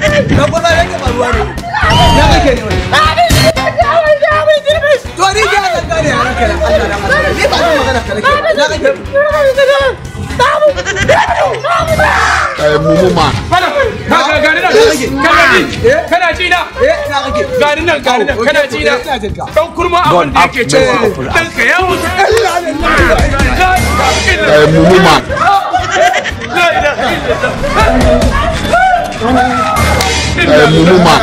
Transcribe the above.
na kuma rage baruwa ne na ni ke a zanka ne a ranka da Allah da Allah ne ba magana ka nake na kake eh, Mumuma. Kana gani nan eh. kana ji eh. kana ji na gani nan gani nan kana ji na dan kurma abin da yake cewa dan n'a ya mutu Mumuma. La ilaha na. mù mù mờ